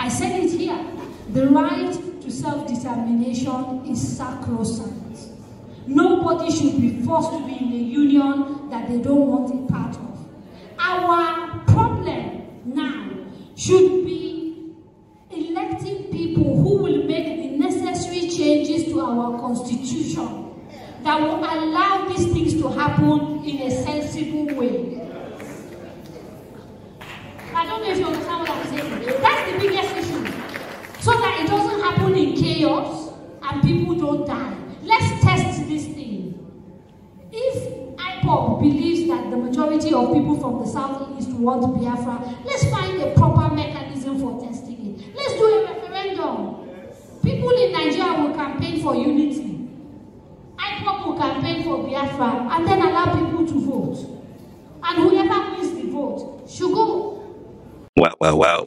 I said it here. The right to self-determination is sacrosanct. Nobody should be forced to be in a union that they don't want a part of. Our problem now should be electing people who will make the necessary changes to our constitution that will allow these things to happen in a sensible way. I don't know if you understand what I'm saying. it doesn't happen in chaos and people don't die. Let's test this thing. If IPOP believes that the majority of people from the southeast want Biafra, let's find a proper mechanism for testing it. Let's do a referendum. People in Nigeria will campaign for unity. IPOP will campaign for Biafra and then allow people to vote. And whoever wins the vote should go Wow, wow, wow.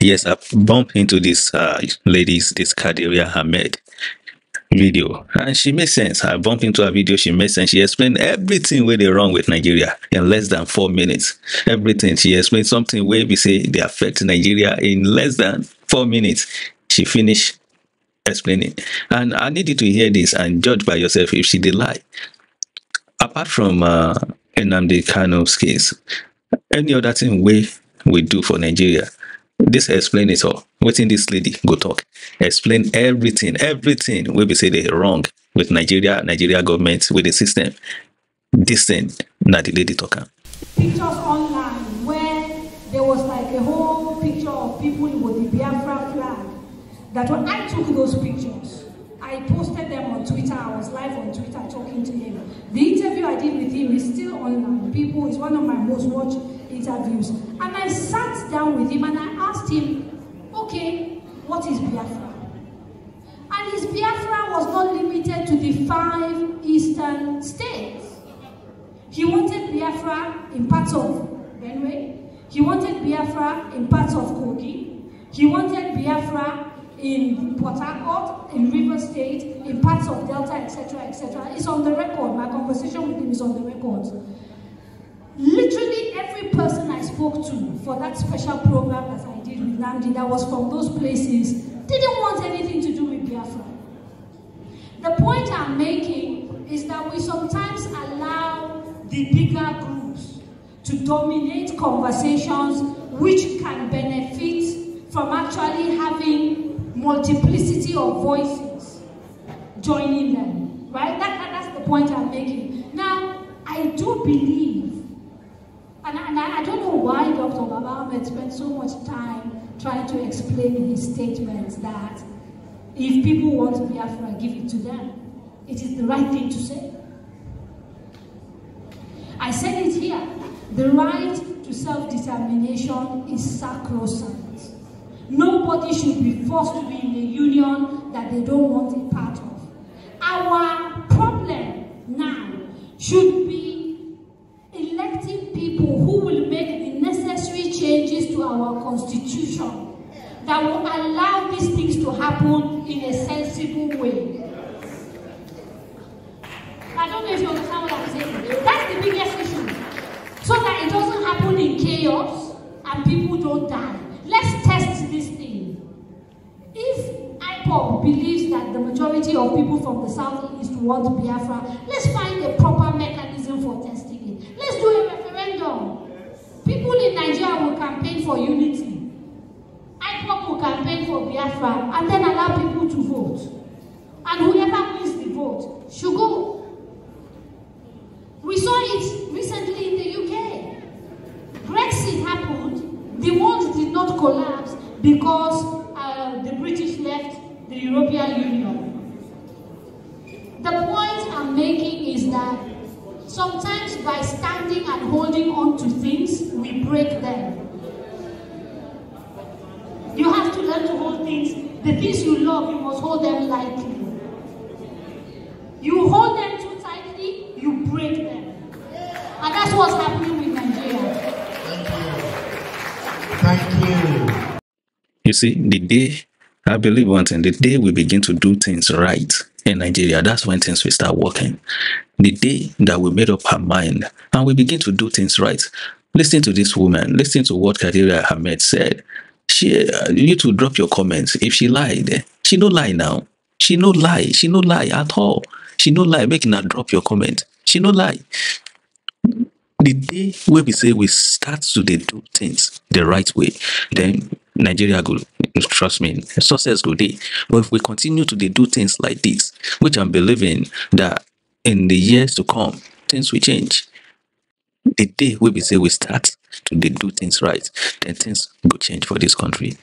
Yes, I bumped into this uh, lady's, this Kadiria Ahmed video and she makes sense i bumped into her video she makes sense she explained everything where they wrong with nigeria in less than four minutes everything she explained something where we say they affect nigeria in less than four minutes she finished explaining and i need you to hear this and judge by yourself if she did lie apart from uh Enamdi Kano's case any other thing where we do for nigeria This explain it all Wait,ing this lady go talk. explain everything everything we be say they wrong with nigeria nigeria government with the system dis thing na lady tok pictures online where there was like a whole picture of people with the biafra flag that when i took those pictures i posted them on twitter i was live on twitter talking to him the interview i did with him is still online people is one of my most watched interviews. And I sat down with him and I asked him, okay, what is Biafra? And his Biafra was not limited to the five eastern states. He wanted Biafra in parts of Benue. He wanted Biafra in parts of Kogi. He wanted Biafra in Port Harcourt, in River State, in parts of Delta, etc., etc. It's on the record. My conversation with him is on the record spoke to for that special program that I did with Nandi that was from those places didn't want anything to do with Biafra. The point I'm making is that we sometimes allow the bigger groups to dominate conversations which can benefit from actually having multiplicity of voices joining them, right? That, that, that's the point I'm making. Now, I do believe and, and I, I, don't know why Dr. Babamed spent so much time trying to explain in his statements that if people want Biafra, give it to them. It is the right thing to say. I said it here. The right to self-determination is sacrosanct. Nobody should be forced to be in a union that they don't want a part of. Our problem now should that will allow these things to happen in a sensible way. I don't know if you understand what I'm saying. That's the biggest issue. So that it doesn't happen in chaos and people don't die. Let's test this thing. If IPOP believes that the majority of people from the southeast want Biafra, let's find a proper mechanism for testing it. Let's do a referendum. People in Nigeria will campaign for unity campaign for Biafra and then allow people to vote. And whoever wins the vote should go. We saw it recently in the UK. Brexit happened. The world did not collapse because uh, the British left the European Union. The point I'm making is that sometimes by standing and holding on to things, we break them. You have to learn to hold things. The things you love, you must hold them lightly. You hold them too tightly, you break them. And that's what's happening with Nigeria. Thank you. Thank you. You see, the day, I believe one thing, the day we begin to do things right, in Nigeria. That's when things will start working. The day that we made up our mind and we begin to do things right. Listen to this woman. Listen to what Kadira Ahmed said. She, uh, you need to drop your comments. If she lied, she no lie now. She no lie. She no lie at all. She no lie. Make her drop your comment. She no lie. The day where we say we start to do things the right way, then Nigeria go trust me, success go day. But if we continue to do things like this, which I'm believing that in the years to come, things will change. The day we be say we start to do things right, then things go change for this country.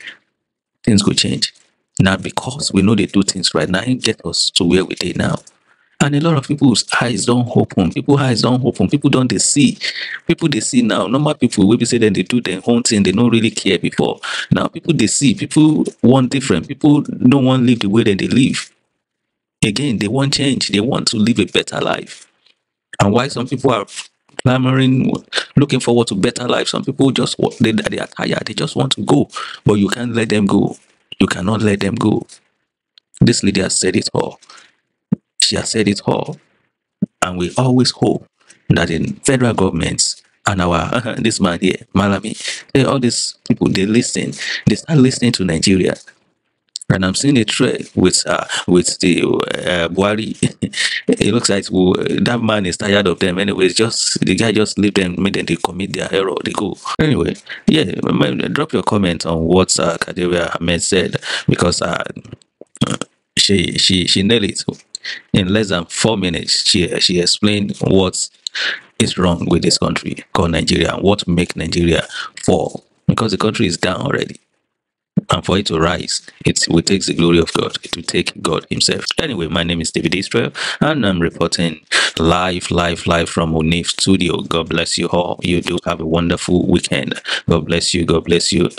Things go change. Now because we know they do things right now, it get us to where we are now. And a lot of people's eyes don't open. People's eyes don't open. People don't they see. People they see now. Normal people will be saying they do their own thing. They don't really care before. Now people they see. People want different. People don't want to live the way that they live. Again, they want change. They want to live a better life. And why some people are clamoring, looking forward to better life. Some people just they they are tired. They just want to go, but you can't let them go. You cannot let them go. This lady has said it all. She has said it all, and we always hope that in federal governments and our this man here, Malami, eh, all these people they listen. They start listening to Nigeria and I'm seeing a thread with uh, with the uh, Buhari. it looks like uh, that man is tired of them. Anyways, just the guy just leave them, made them they commit their error, they go. Anyway, yeah, drop your comment on what uh, Kaderia Ahmed said because uh, she she she nailed it in less than four minutes. She she explained what is wrong with this country called Nigeria and what make Nigeria fall because the country is down already and for it to rise, it will take the glory of God. It will take God Himself. Anyway, my name is David Israel, and I'm reporting live, live, live from Unif Studio. God bless you all. You do have a wonderful weekend. God bless you. God bless you.